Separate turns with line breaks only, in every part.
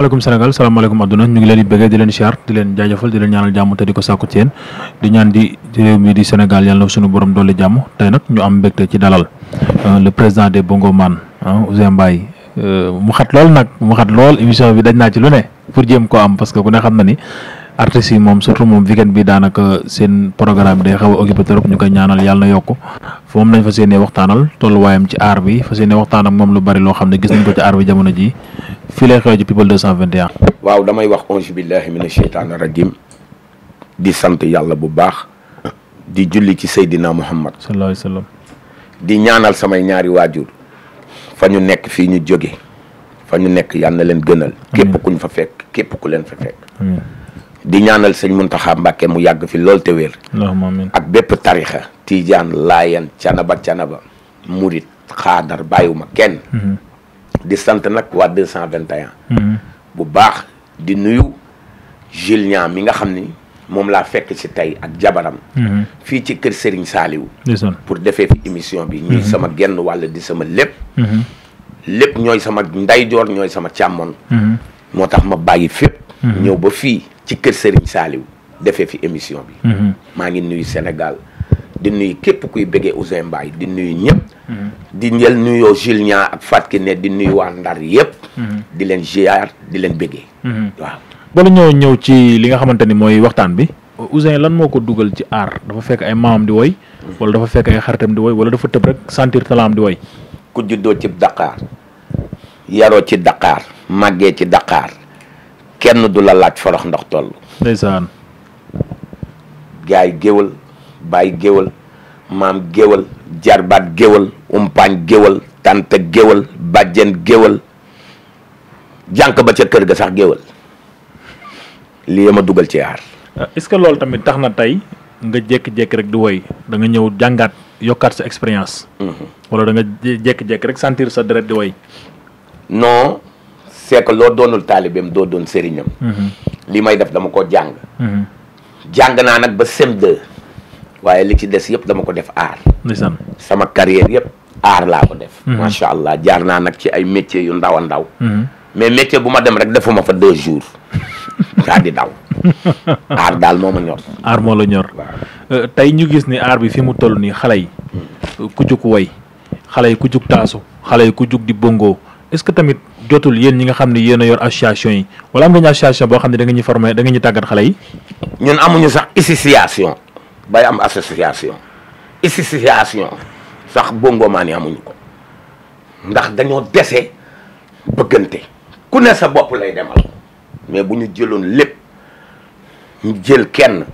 maaleykum Sénégal salaamaaleykum àdduna ñu ngi leen di bëggee di leen siyaar di leen jaajëfal di leen ñaanal jàmm te di ko sàkku ci di ñaan di réew mi di Sénégal yàlla na suñu borom doole jàmm tey nag ñu am mbégte ci dalal euh, le président des Bongoman Ouzin Mbaye euh, mu xat lool nag mu xat lool émission bi daj naa ci lu ne pour jéem ko am parce que ku ne xam na ni artistes yi moom surtout moom weekend bi daanaka seen programme day xaw a occupé trop ñu ko ñaanal yàlla na yokk moom lañ fa yéenee waxtaanal tolluwaayam ci aar bi fas yéenee waxtaan ak moom lu bari loo xam ne gis nañ ko ci aar bi jamono ji fii lay xew ci people 221.
waaw damay wax auzu billahi mina sheytaani rajim di sant yàlla bu baax di julli ci Seydina Muhammad sallallahu alayhi wa sallam di ñaanal samay ñaari waajur fa ñu nekk fii ñu jóge fa ñu nekk yàlla leen gënal képp kuñ fa fekk képp ku leen fekk di ñaanal sëñ Muntaxa Mbàkke mu yàgg fi lool te wér ak bépp tarixa tiijaan laayan canaba canaba murit xaadar bàyyiwuma kenn mhm. di sant nag waa deux cent vingt et
un
mhm.
bu baax di nuyu Jules Niang mi nga xam ni moom laa fekk ci tey ak jabaram mhm. fii ci kër Serigne Saliou pour defee fi émission bi ñuy sama genn wàll di sama lépp lépp ñooy sama ndeyjoor ñooy sama càmmoon moo tax ma bàyyi fépp ñëw ba fii ci kër Serigne Saliou defee fi émission bi. Mhm. maa ngi nuyu Sénégal di nuyu képp kuy bëggee Ouzin Mbaye di nuyu ñëpp. Mhm. di njël nuyoo Julien ak Fatou Kiné di nuy waa Ndar yëpp. Mhm. di leen ziar di
leen bëggee. waaw bala ñoo ñëw ci li nga xamante ni mooy waxtaan bi. Ouzin lan moo ko dugal ci aar dafa fekk ay maamam di woy. wala dafa fekk ay xaritam di woy wala dafa tëb rek sentir talaam di woy.
ku juddoo ci daqaar yaroo ci daqaar màggee ci Dakar. kenn du la laaj forox ndox toll. ndeysaan. gaay géwal baay géwal maam géwal jarbaat géwal umpaañ géwal tante géwal bàjjen géwal jànq ba ca kër ga sax géwal lii ma dugal ci aar.
Euh, est-ce que loolu tamit tax na tey nga jékki-jékki rek di woy danga ñëw jàngaat yokkaat sa expérience. Mhm. wala danga nga jékki rek sentir sa deret di woy c'est que loo doonul
taalibeem doo doon sëriñam mhm. li may def dama ko jàng mhm. jàng naa nag ba CM2 waaye li ci des yëpp dama ko def aar sama carrière yëpp aar laa ko def mhm. macha allah jaar naa nag ci ay métiers yu ndaw a ndaw mais métier bu ma dem rek defuma fa deux jours daa di daw aar daal moo ma ñor
aar moo la ñor euh, tey ñu gis ni aar bi fi mu toll nii xale yi hmm. ku jug way xale yi ku jug taasu xale yi ku jug di bongo est tamit jotul yéen ñi nga xam ne yéen a yor association yi wala am nga ñu association boo xam ne da ñu former nga ñu tàggat xale yi. ñun amuñu sax association
bay am association association sax bongomaan yi amuñu ko ndax dañoo dese bëggante ku ne sa bopp lay demal mais bu ñu jëloon lépp ñu jël kenn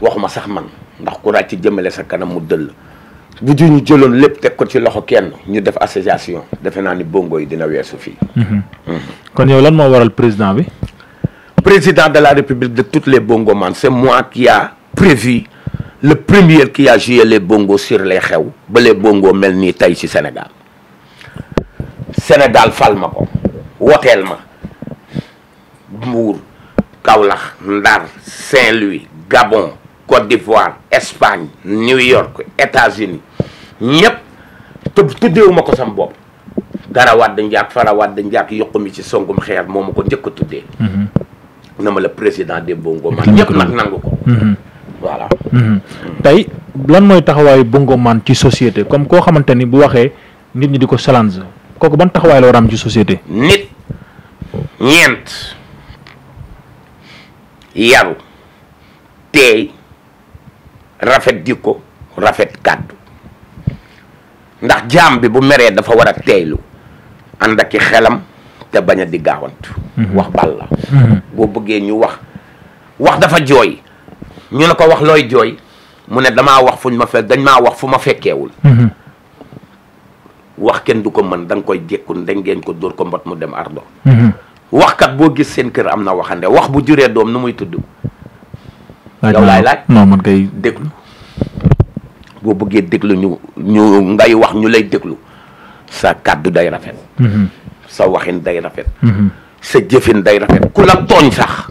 waxuma sax man ndax ku ràcc jëmale sa kanam mu dëll. bu ju ñu jëloon lépp teg ko ci loxo kenn ñu def association defe naa ni bongo yi dina weesu fii.
Mm-hmm. kon yow lan moo waral président bi.
président de la république de toutes les bongomanes c'est moi qui a prévu le premier qui a joué les bongos sur les xew ba les bongos mel nii tey ci Sénégal Sénégal fal ma ko woteel ma Mbour Kaolack Ndar Saint-Louis Gabon Côte d'Ivoire Espagne New York États-Unis ñëpp te tuddeewu ma ko sam bopp dara wàdd njaag fara wàdd njaag yokku mi ci songum xeer moo ma ko njëkk a tuddee mhm. na ma la président de Bongo man ñëpp nag nangu ko mhm. voilà
mhm.
tey lan mooy taxawaayu Bongo man ci société comme koo xamante ni bu waxee nit ñi di ko challenge kooku ban taxawaay la war ci société nit
ñeent yaru teey rafet jikko rafet kàddu ndax jaam bi bu meree dafa war a teeylu ànd ak i xelam te bañ a di gaawantu mhm. wax bal mhm. boo bëggee ñu wax wax dafa jooy ñu ne ko wax looy jooy mu ne damaa wax fuñ ma dañ maa wax fu ma fekkeewul mhm. wax kenn du ko mën da koy jékkun dañ ngeen ko dóor ko mbot mu dem ardo waxkat boo gis seen kër am na waxande wax bu juree doom nu muy tudd
yow laay laaj non man
kay déglu boo bëggee déglu ñu ñu ngay wax ñu lay déglu sa kàddu day rafet mm-hmm. sa waxin day rafet mm-hmm. sa jëfin day rafet ku la tooñ sax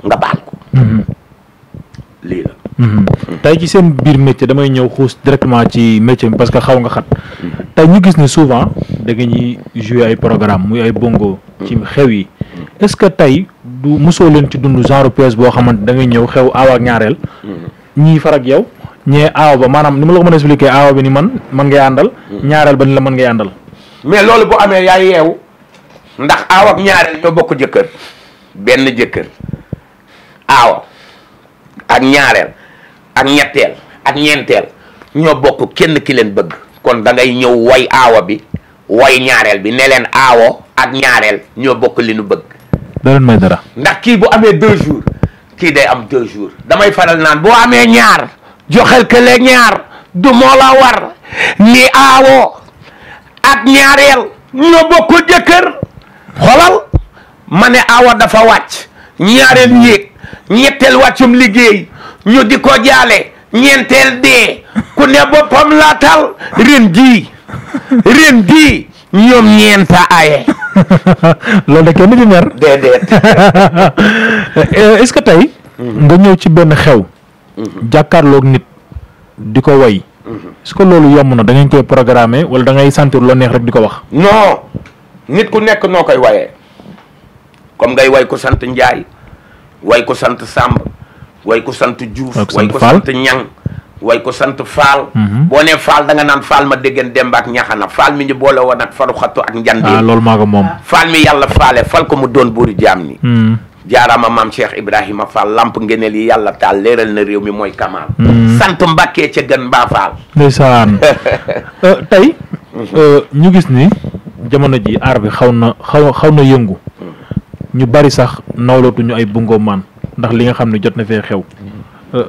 nga baal ko mm-hmm. lii ci seen biir métier damay ñëw xuus directement ci métier bi parce que xaw nga xat tey ñu gis ne souvent da nga ñuy ay programme muy ay bongo ci xew yi est-ce que tey du mosoo leen ci dund genre pièce boo xamante da ngay ñëw xew aaw ak ñaareel. Mm-hmm. ñii far ak yow ñee aaw ba maanaam ni ma la ko mën a expliquer aaw bi ni man man ngay àndal. Mm-hmm. ñaareel ba ni la mën ngay àndal.
mais loolu bu amee
yaa yeewu ndax aaw ak bokk
jëkkër benn jëkkër aaw ak ñaareel ak ñetteel ak ñeenteel ñoo bokk kenn ki leen bëgg kon da ñëw way aawa bi way ñaareel bi ne leen aawo ak ñaareel ñoo bokk li nu bëgg dara. ndax kii bu amee deux jours kii day am deux jours damay faral naan boo amee ñaar joxel kële ñaar du moo war ni aawoo ak ñaareel ñoo bokk jëkkër xolal ma ne aawa dafa wàcc ñaareel yéeg ñetteel wàccum liggéey ñu di ko jaale ñeenteel dee ku ne boppam laatal ren jii ñoom ñeenta aaye.
loolu da kenn ci mer. déedéet. Eh, est-ce que tey. nga ñëw ci benn xew. jàkkaarloog nit di ko woy. est loolu yomb na da ngeen koy programmer wala da ngay sentir loo neex rek di ko wax.
non nit ku nekk noo koy wayee comme ngay way ko sant Ndiaye way ko sant sàmb way ko sant Diouf way ko sant Ñang way ko sant faal mhm. boo nee faal da naan faal ma déggeen demba ak ñaxana faal mi ñu boole woon ak faru ak njandee ah,
loolu maa moom ah.
faal mi yàlla faale fal ko mu doon buuri jaam ni
hmm.
jaaraama maam Cheikh Ibrahima Fall lamp ngeneel yi yàlla taal leeral na réew mi mooy Kamal. Hmm. sant Mbàkke ca gën mbaa Fall.
ndeysaan euh, tey. Mhm. Euh, ñu gis ni jamono ji aar bi xaw na xaw xaw na yëngu. Hmm. ñu bari sax nawlootuñu ay bungo maan ndax li nga xam ne jot na fee xew.
Euh,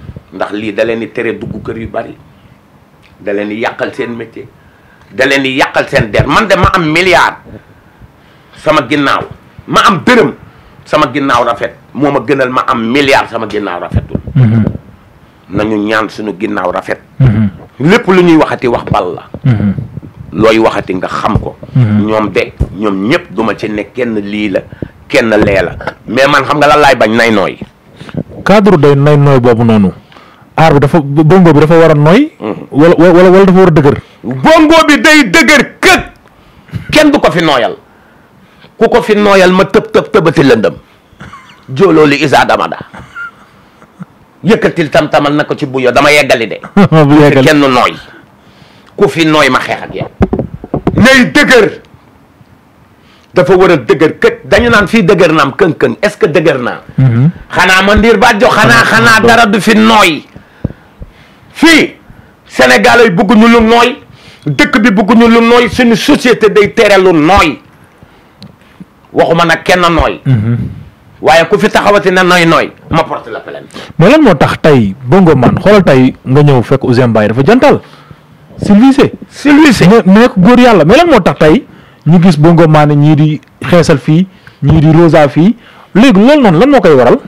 ndax lii da leen di tere dugg kër yu bari da leen di yàqal seen métier da leen di yàqal seen der man de ma am milliard sama ginnaaw ma am dërëm sama ginnaaw rafet moo ma gënal ma am milliard sama ginnaaw rafetul mhm. nañu ñaan suñu ginnaaw rafet mhm. lépp lu ñuy waxati wax bal la mhm. looy waxati nga xam ko ñoom de ñoom ñëpp duma ci ne kenn lii la kenn lee la mais man xam nga lan laay bañ nay nooy
cadre day nay nooy boobu noonu aar bi dafa bongo dafa war a nooy. wala wala wala dafa war a dëgër. bongo bi day
dëgër këk kenn du ko fi nooyal ku ko fi nooyal ma tëb tëb tëbati lëndëm jooloo li isa damada yëkkatil tam-tamal na ko ci buyo dama yeggali de. bu yeggali kenn nooy ku fi nooy ma xeex ak nay dëgër. dafa war a dëgër kët dañu naan fii dëgër naam kën-kën est-ce que dëgër naa mm-hmm. xanaa ma ndiir ba jox xanaa xanaa dara du fi nooy fii sénégalais yi bëgguñu lu nooy dëkk bi bëgguñu lu nooy suñu société day tere lu nooy waxuma nag kenn nooy mhm. waaye ku fi taxawati na nooy nooy ma porte la plainte
mais moo tax tey Bongo Man xoolal tey nga ñëw fekk Ouzin Mbaye dafa jantal Sylvie Seye Sylvie Seye mais góor yàlla mais lan moo tax tey ñu gis Bongo Man ñii di xeesal fii ñii di rosa fii léegi loolu noonu lan moo koy waral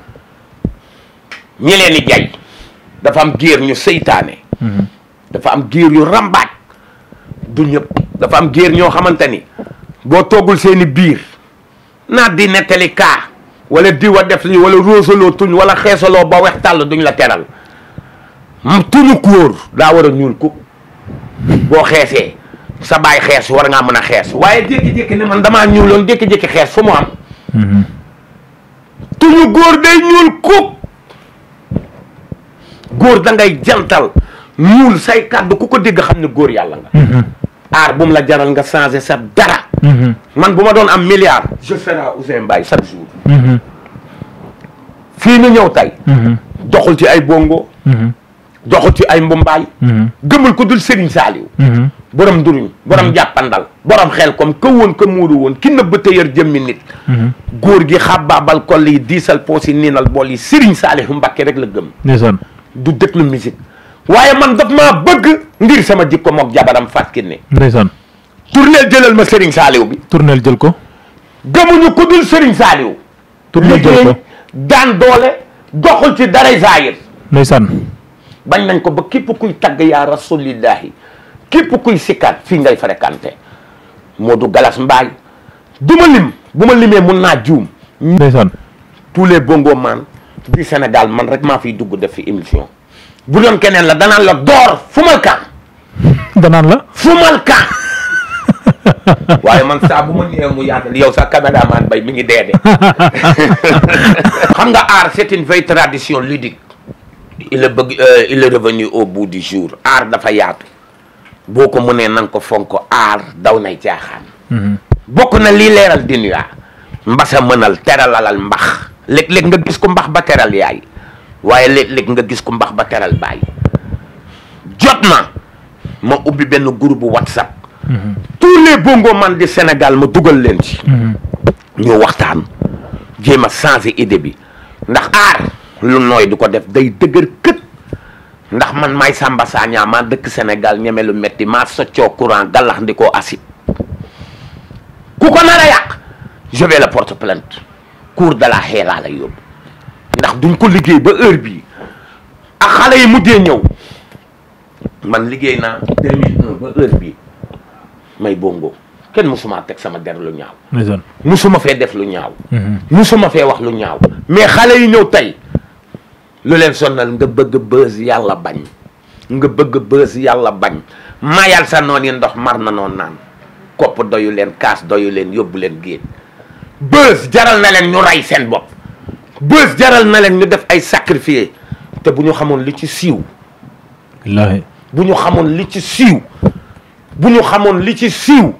ñi leen di jaay
dafa am géer ñu seytaane mhm. dafa am géer yu rambaaj du ñëpp dafa am géer ñoo xamante ni boo toggul seeni biir naat di nettali kaa wala diw a def lii wala róosaloo tuñ wala xeesaloo ba wex tàll duñ la teral tuñu kóor daa war a ñuul ko boo xeesee sa baay xees war ngaa mën a xees waaye jékki-jékki ne man damaa jékki-jékki xees fu mu am mhm. tuñu góor day ñuul góor da ngay jantal ñuul say kàddu ku ko dégg xam ne góor yàlla nga mm-hmm. aar bu la jaral nga changé sa dara mm-hmm. man bu ma doon am milliard je serai Ouzin Mbaye chaque jour
mm-hmm. fii
ni ñëw tey doxul ci ay bongo doxul ci ay mbumbaay gëmul ko dul Serigne Saliou borom nduruñ borom jàppandal borom xel comme que woon que muuru woon ki nëbb te yër jëmmi nit góor gi xàbbaabal koll yi diisal poos yi niinal bool yi Serigne Saliou Mbacké rek la gëm du déglu musique waaye man daf maa bëgg ngir sama jikko mook jabaram Fatou Kiné ndeysaan tournel jëlal ma Serigne Saliou bi tournel jël ko gëmuñu ku dul Serigne Saliou tournel jël ko daan doole doxul ci daray zaayir ndeysaan bañ nañ ko ba képp kuy tagg yaa rasulillahi képp kuy sikkat fii ngay fréquenté Modou Galas Mbaye du ma lim bu ma limee mun naa juum ndeysaan tous les bongo man bi Sénégal man rek maa fiy dugg def fi émission bu doon keneen la danaan la door fu ka
danaan la fumal ka
waaye man saa bu ma ñëwee mu yaatal yow sa caméraman bay mi ngi dee de xam nga art c'est une vieille tradition ludique il est euh, revenu au bout du jour art dafa yaatu boo ko mënee na nga ko fonk art daw nay caaxaan mhm. bokk na lii leeral dinuyaa mbasa mënal teralalal mbax léeg-léeg nga gis ku mbax ba teral yaay waaye léeg-léeg nga gis ku mbax ba teral baay jot na ma ubbi benn groupe whatsapp mhm. tous les bongo man di Sénégal ma dugal leen ci mhm. ñu waxtaan jéem a changé idée bi ndax aar lu nooy di ko def day dëgër kët ndax man maay Samba Sagna maa dëkk Sénégal ñeme lu metti maa soccoo courant gallax ndi ku ko nar yàq je la porte plainte cour de la xeelaa la yóbbu ndax duñ ko liggéey ba heure bii ak xale yi mujjee ñëw man liggéey naa 2001 ba heure bii may bongo kenn musuma teg sama der lu ñaaw musuma fee def lu ñaaw mm-hmm. musuma fee wax lu ñaaw mais xale yi ñëw tey lu leen sonnal nga bëgg bës yàlla bañ nga bëgg bës yàlla bañ mayal sa noon yi ndox mar na noon naan kopp doyu leen kaas doyu leen yóbbu leen génn bës jaral na leen ñu rey seen bopp bës jaral na leen ñu def ay sacrifice te bu ñu xamoon li ci siiw bu ñu xamoon li ci siiw bu ñu xamoon li ci siiw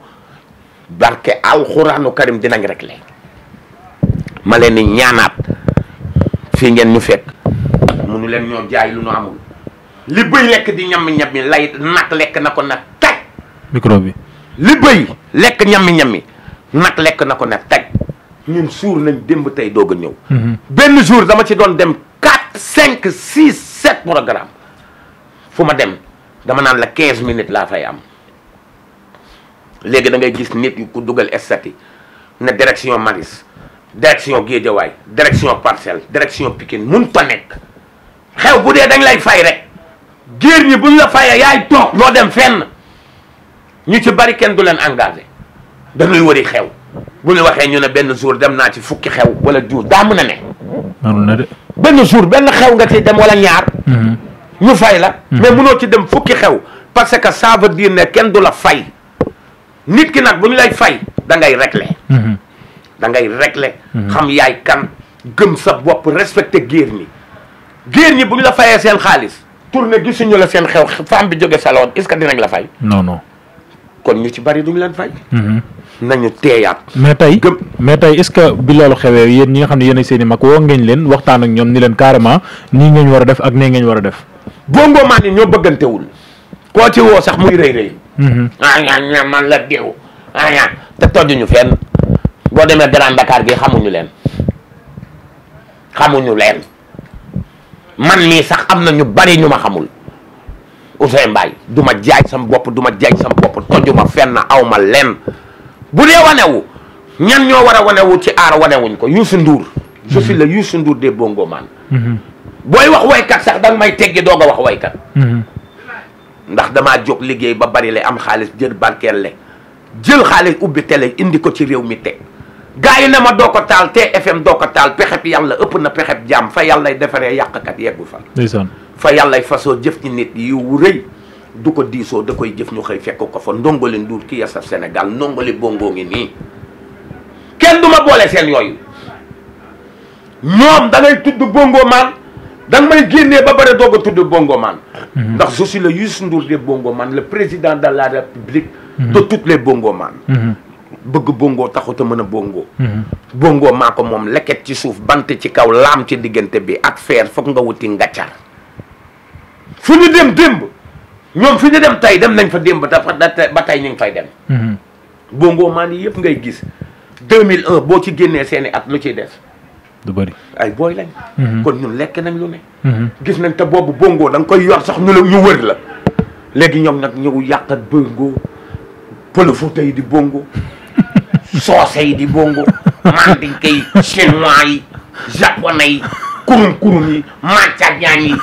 barke alxuraanu karim dinañ rek le ma leen ñaanaat fii ngeen ñu fekk munu leen ñoo jaay lu ñu amul li bëy lekk di ñammi-ñammi lay lekk na ko nag taj micro bi li bëy lekk ñammi-ñammi nag lekk na ko nag taj ñun suur nañ démb tey doog a ñëw. Mhm. benn jour dama ci doon dem quatre cinq six sept programme fu ma dem dama naan la quinze minutes laa fay am léegi da ngay gis nit yu ko dugal estati ne direction Maris direction Guédiawaay direction Parcelles direction Pikine mun fa nekk xew bu dee dañ lay fay rek géer ñi buñ la fayee yaay toog loo dem fenn ñu ci bari kenn du leen engagé dañuy wari xew. bu ñu waxee ñu ne benn jour dem naa ci fukki xew wala juus daa mën na de. benn jour benn xew nga ci dem wala ñaar. Mhm. ñu fay la. Mhm. mais mënoo ci dem fukki xew parce que ça veut dire ne kenn du la fay nit ki nag bu ñu lay fay da ngay régler. Mhm. da ngay régler. xam yaay kan gëm sa bopp respecte géer ñi. géer ñi bu ñu la fayee seen xaalis tourné gisuñu la seen xew femme bi jóge saloon est-ce que dinañ la fay. non non. kon ñu ci bari duñ leen fay. nañu teeyaat.
mais tey mais tey est-ce que bi loolu xewee yéen ñi nga xam ne yéen seen i mag woo ngeen leen waxtaan ak ñoom ni leen carrément nii ngeen war a def ak nee ngeen war a def.
bongo maa ni ñoo bëggantewul koo ci woo sax muy rëy rëy. Mm-hmm. ah man la diw ah te tojjuñu fenn boo demee Grand ndakaar gi xamuñu leen xamuñu leen man mii sax am na ñu bari ñu ma xamul. Ousseyn Mbaye du ma jaay sam bopp du ma jaay sam bopp tojuma fenn aw ma leen bu wane wu ñan ñoo war a wanewu ci aar wanewuñ ko Youssou Ndour je suis le Youssou Ndour dee bongo man mhm. booy wax waykat sax danga may teggi doog a wax waykat mhm. ndax damaa jóg liggéey ba bari la am xaalis jël barkeel le jël xaalis ubbi télé indi ko ci réew mi teg gars yi ne ma doo ko taal TFM doo ko taal pexeb yàlla ëpp na pexeb jàmm fa yàllay defaree yàqkat yeggu fa fa yàllay fasoo jëf ci nit yu rëy du ko diisoo da koy jëf ñu xëy fekk ko fa ndongole nduur ki yasar Sénégal ndongole bongo ngi nii kenn du ma boole seen yooyu ñoom da ngay tudd bongo maan da nga may génnee ba pare doog a tudd bongo maan mhm. ndax je suis le Youssou Ndour des bongo maan le président de la république mhm. de toutes les bongo maan mhm. bëgg bongo taxut a mën a bongo bongo maa ko moom leket ci suuf bant ci kaw laam ci diggante bi ak feer foog nga wuti ngaccar fu ñu dem démb ñoom fi ñu dem tey dem nañ fa démb ba tey ñu ngi fay dem. Mhm. bongo maan yi yëpp ngay gis 2001 boo ci génnee seeni at lu ciy des. du bëri ay booy lañ. Mhm. kon ñu lekk nañ lu ne. Mhm. gis nañ te boobu bongo da koy yor sax ñu la ñu wër la. léegi ñoom nag ñëw yàqat bongo pëlëfuta yi di bongo soose yi di bongo mandinke yi chinois yi japonais yi kurum kurum yi mancañaan yi.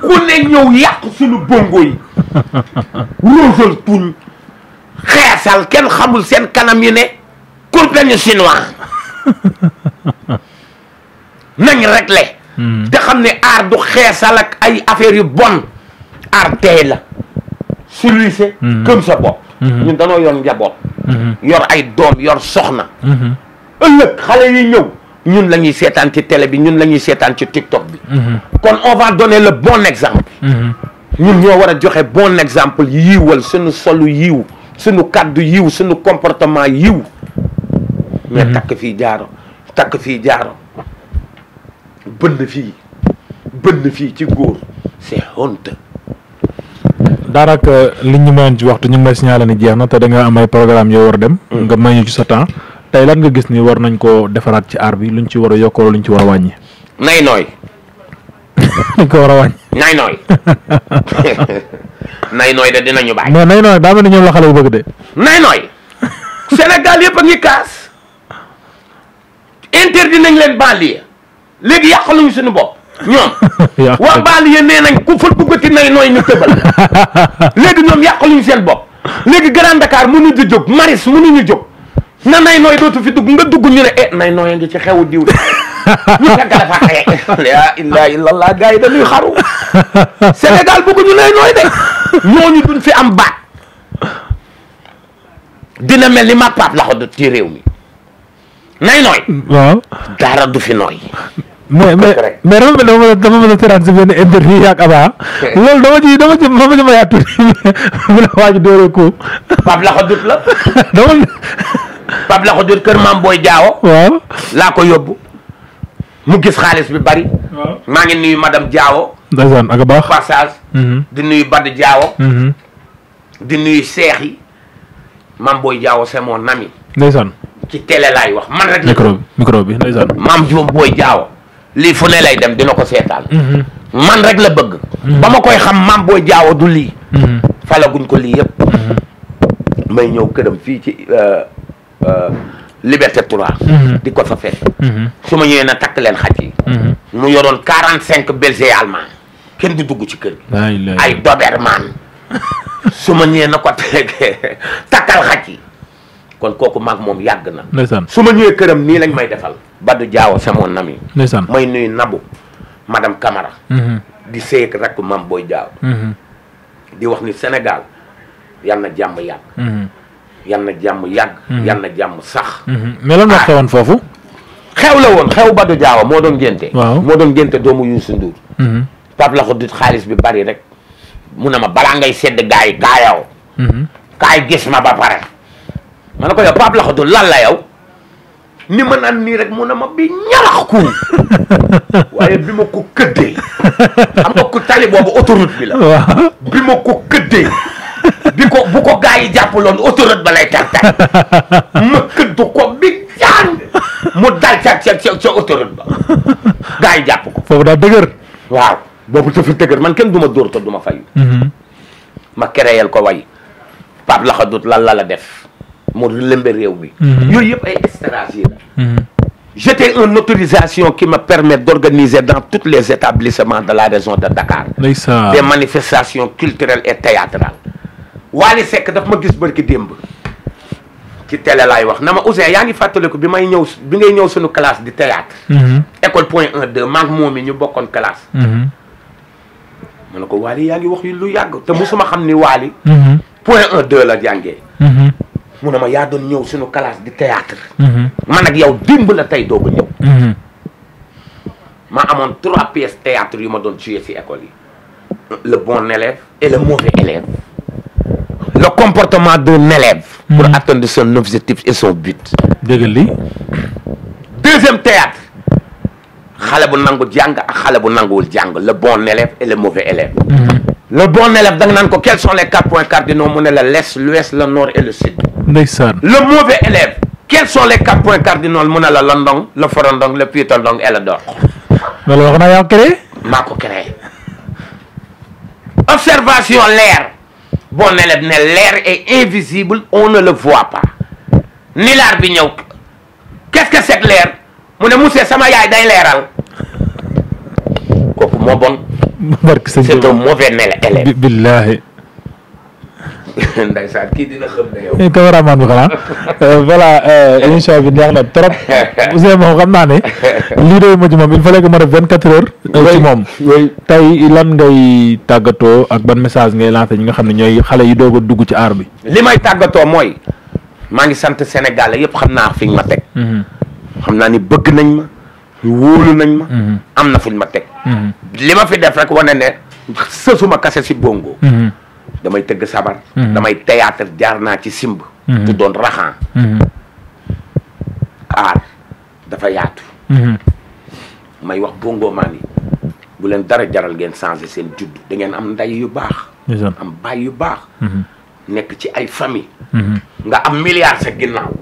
ku ne ñëw yàq suñu bongo yi roosal tuñ xeesal kenn xamul seen kanam yi ne kur dañu chinois nañ rek hmm. te xam ne aar du xeesal ay affaires yu bon aar tey la solucé hmm. gëm sa bopp hmm. ñun danoo yor njaboot yor ay doom yor soxna ëllëg xale yi ñëw ñun la seetaan ci tele bi ñun lañuy ñuy seetaan ci tiktok bi kon on va donner le bon exemple mhm. ñun ñoo war a joxe bon exemple yiiwal suñu solu yiiw suñu kàddu yiiw suñu comportement yiw mais mhm. takk fi jaaro takk fii jaaro bënn fii bënn fii ci góor c'est honte
daanaka euh, li ñu mayoon waxtu ñu ngi may signaler ni jeex na te da nga am ay programme yoo war a dem mm. nga may ñu ci sa temps tey lan nga gis ni war nañ koo defaraat ci aar bi luñ ci war a yokkoo luñ ci war a wàññi nay nooy dañ ko war a wàññi. nay nooy
nay nooy de dinañu bàyyi.
mais nay nooy daa mel ni ñoom la xale bu bëgg de.
nay nooy Sénégal yëpp a ngi kaas interdit nañ leen banlieue léegi yàqaluñu suñu bopp ñoom. waa banlieue nee nañ ku fa buggati nay nooy ñu tëbal léegi ñoom yàqaluñu seen bopp léegi Grand Dakar mënuñu jóg Maris mënuñu jóg na nay nooy dootu fi dugg nga dugg ñu ne eh nay nooy a ngi ci xewu diw de. ñu fekk ni mag paap la ci réew mi. nay nooy. waaw dara du fi
nooy. mais
ko yóbbu. mu gis xaalis bi bari. maa ngi nuyu madame Diawo.
ndeysaan ak baax passage. Mhm.
di nuyu Bad Diawo. Mhm. di nuyu seex yi. maam booy Diawo c'est mon ami. ndeysaan. ci télé laay wax man rek. micro bi
micro bi ndeysaan. maam
Diop booy Diawo. lii fu ne lay dem dina ko seetaan. Mhm. man rek la bëgg. ba ma koy xam maam booy du lii. falaguñ ko lii yëpp. may ñëw këram fii ci. Euh, euh, liberté 3. Mm-hmm. di ko fa fekk. Mm-hmm. su ma ñëwee na takk leen xaj yi. Mm-hmm. mu yoroon 45 berger allemand kenn du dugg ci kër gi. ay doberman su ma ñëwee na ko takkal xaj yi. kon kooku maag moom yàgg na. ndeysaan su ma ñëwee këram nii lañ may defal. Badou Diaw sama nami. ndeysaan may nuyu Nabou madame Camara. di sëy ak rakk mam booy Diaw. di wax ni Sénégal yal na jàmm yàgg. yal na jàmm yàgg. Mhm. yal na jàmm sax.
Mhm. mais lan moo ah. xewoon foofu.
xew la woon xew Badou Diawa moo doon génte. moo doon génte doomu Youssou Ndour. Mhm. Pape la xaalis bi bari rek mu ne ma balaa ngay sedd gaa kaayaw. kaay gis ma ba pare. ma ne ko yow Pape la ko la yow. ni ma naan nii rek mu ne ma bi ñarax ku waaye bi ma ko këddee xam nga ku tali boobu autoroute bi la. bi ma ko këddee. bi ko bu ko gaa yi jàppaloon autoroute ba lay tartar mëkk du ko bi jaan mu dal ca ca ba gaa yi jàpp
ko. foofu daal dëgër.
waaw du ma dóor te du ma fay. Mhm. ma créé ko way Pape Laxadut lan la la def. mu lëmbe réew mi. Mhm. yooyu yëpp ay stratégie la. Mhm. j'étais une permet d'organiser dans tous les établissements de la région de Dakar. des manifestations culturelles et théâtrales. Waly Seck daf ma gis bërki démb ci télé laay wax na ma Ouzin yaa ngi fàttaliku bi may ñëw bi ngay ñëw suñu classe di théâtre mhm. école point 1 2 maag moom yi ñu bokkoon classe mu mhm. ne ko Waly yaa ngi wax yu lu yàgg te musuma xam ni Waly mhm. point 1 2 la jàngee mu ne ma yaa doon ñëw suñu classe di théâtre man ak yow démb la tey doog a
ñëw
ma amoon trois pièces théâtre yu ma doon joué si école yi bon élève et le mauvais élève comportement d'un élève. pour mmh. atteindre son objectif e son
but. dëgg li
deuxième théâtre xale bu nangu jàng ak xale bu nanguwul jàng le bon élève et le mauvais élève. Hmm. le bon élève da nga ko quels sont les quatre points cardinaux mu ne la l'est l'ouest le nord e le sud. ndeysaan le mauvais élève. quels sont les quatre points cardinaux mu ne la le ndong le forondong le piétondong le dor.
loolu wax créé.
maa ko créé. observation l'air bon élève ne l'air est invisible on ne le voit pas nilaar bi ñëw qu'est-ce que c'est l'air mu ne monsieur sama yaay day leeral kooku moo bon c'est un mauvais
élève billaahi
ndeysaan kii dina xam ne
yow. Eh, cameraman bi xanaa euh, voilà euh, émission bi neex na trop Ouzin moom xam naa ne lii day mujj moom il fallait que ma def vingt quatre heures. Euh, ci moom tey lan ngay tàggatoo ak ban message ngay lancé ñi nga xam ne ñooy xale yi doog a dugg ci aar bi. li may tàggatoo mooy
maa ngi sant Sénégal yëpp xam naa fi ma teg. Mm-hmm. xam naa ni bëgg nañ ma wóolu nañ ma. Mm-hmm. am na fu ma teg. Mm-hmm. li ma fi def rek wane ne sësuma kase si bongo. damay tëgg sabar mhm. damay théâtre jaar naa ci simb te mhm. doon raxan mhm. aar dafa yaatu may wax bongo maan yi leen dara jaral ngeen changé seen judd da am nday yu baax am baay yu baax nekk ci ay famille nga am milliard sa ginnaaw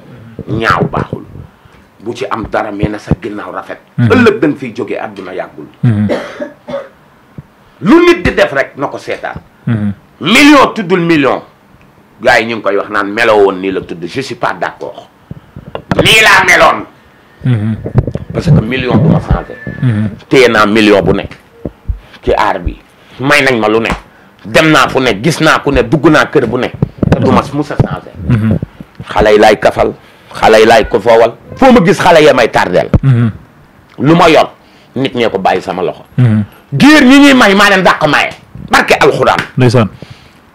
ñaaw baaxul bu ci am dara mais na sa ginnaaw rafet ëllëg dañ fiy jógee àdduna yàggul lu nit di def rek na seetaan million tuddul million gars yi ñu ngi koy wax naan meloo woon nii la tudd je suis pas d'accord nii laa meloon. Mhm. parce que million bu ma changé. Mhm. million bu nekk ci aar bi may nañ ma lu ne dem naa fu ne gis naa ku ne dugg naa kër bu ne te du ma mhm. mus a
changé.
yi laay kafal xale yi laay ko foowal foo ma gis xale ya may tardel lu ma yor nit ñee ko bàyyi sama loxo. giir ñi ñuy may maa leen dàq barke alxuraan. ndeysaan.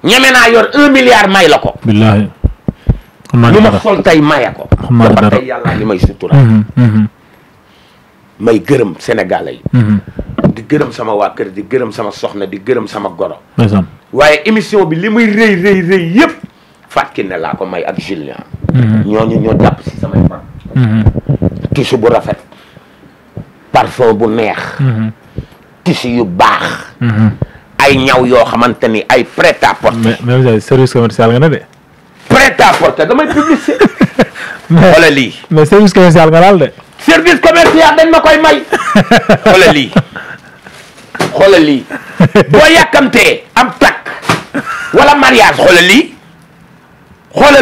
ñeme naa yor un milliard may la ko.
billaahi. lu
ma sol tey maya ko. ba tey may sutura.
Mm-hmm, mm-hmm.
may gërëm Sénégalais mm-hmm. di gërëm sama waa kër di gërëm sama soxna di gërëm sama goro. ndeysaan waaye émission bi li muy rëy rëy rëy yëpp. ko may ak Julien. ñooñu ñoo jàpp si samay fan. bu rafet. parfum bu neex. tissu yu baax. ay ñaw yoo xamante ni ay prêt à porter.
mais mais vous service commercial nga ne de.
prêt à porter damay publicité.
mais service commercial nga daal de.
service commercial dañ ma koy may. xoolal lii xoolal lii boo yàkkamtee am takk wala mariage xoolal lii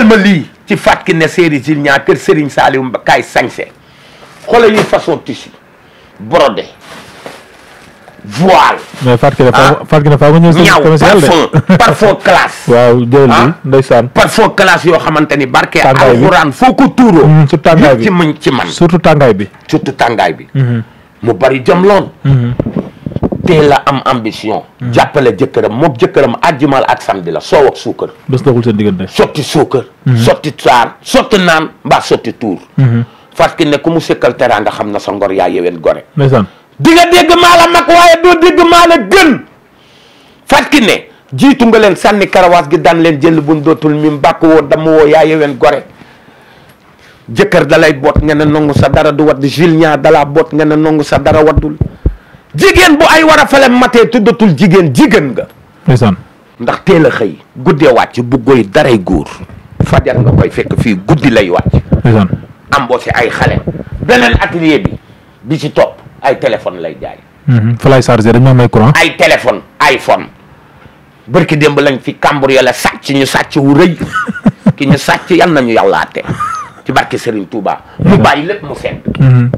ma lii ci fàtki ne série Gilles Niang kër Serigne Saliou Mbacké kaay sañse xoolal façon tissu brodé. voile.
mais Fatou Kiné faa Fatou Kiné faa ma ñëw seen commercial de ñaw parfum parfum classe. waaw jël bi ah. ndeysaan.
parfum classe yoo xamante ni barke alxuraan
foo ko tuuroo. Mm, surtout tàngaay bi ci mën ci man. surtout tàngaay bi. surtout tàngaay bi. Mm-hmm.
mu bari jom loon.
Mm-hmm.
teel la am ambition. Mm-hmm. jàppale jëkkëram mook jëkkëram àjjumal ak samedi la soow ak suukar.
bés doxul seen diggante.
sotti suukar. sotti saar sotti naan mbaa sotti tuur. Fatou Kiné ku mu sëkkal teraanga xam na sa ngor yaa yewen gore. ndeysaan. di nga dégg maa la mag waaye doo dégg maa la gën fàtki ne jiitu nga leen sànni karawaas gi daan leen jël buñ dootul mi mbàkk woo damm woo yaa yeween gore jëkkër dalay boot nga ne nongu sa dara du wadd julien dalaa boot nga ne nongu sa dara waddul jigéen bu ay war a fale matee tuddatul jigéen jigéen nga ndax teel a xëy guddee wàcc bu goy daray góor fajar nga koy fekk fii guddi lay wàcc ndeysaan si ay xale beneen atelier bi bi ci topp ay téléphone lay jaay.
Mhm. fa lay chargé dañoo may ay
téléphone iPhone. bërki démb lañ fi kàmbur yàlla sàcc ñu sàcc wu rëy ki ñu sàcc yal nañu yàlla àtte ci barke Serigne Touba mu mhm. bàyyi lépp mu sedd. Mhm.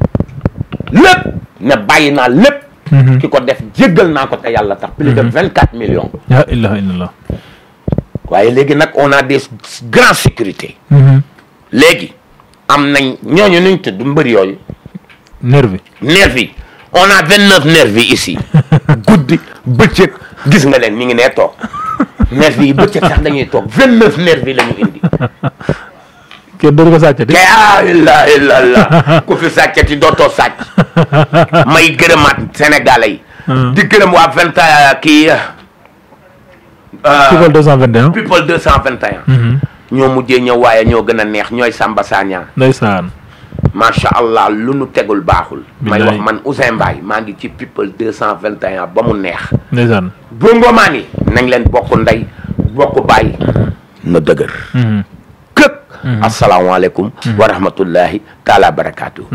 lépp ne bàyyi naa lépp. ki ko def jéggal naa ko te yàlla tax. plus vingt quatre millions.
yaa ilaha illallah.
waaye léegi nag on a des grandes sécurités. am nañ ñooñu nuñ tudd mbër yooyu. nervi on a vingt neuf nervi yi ici guddi bëccëg gis nga leen ñu ngi nee toog nervi yi bëccëg sax dañuy toog vingt neuf nervi la ñu indi.
kenn dootu ko sàccati.
te ah illah illah illah
ku fi sàccati dootoo sàcc may gërëmaat Sénégalais yi. Hmm. di gërëm waa vingt kii. Euh, euh,
People 221.
People 221. Hmm. ñoo mujjee ñëw waaye ñoo gën a neex ñooy Samba Sagna. ndeysaan. macha allah lu nu tegul baaxul. may wax man Ouzin Mbaye maa ngi ci people 221 ba mu neex. ndeysaan bongo maan yi nañ leen bokk ndey bokk bàyyi. Mhm.
na dëgër.
Mhm. këpp. Mhm.
asalaamaaleykum. wa rahmatullahi taalaa barakaatu.